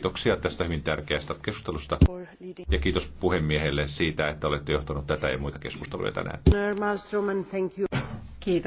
Kiitoksia tästä hyvin tärkeästä keskustelusta ja kiitos puhemiehelle siitä, että olette johtanut tätä ja muita keskusteluja tänään.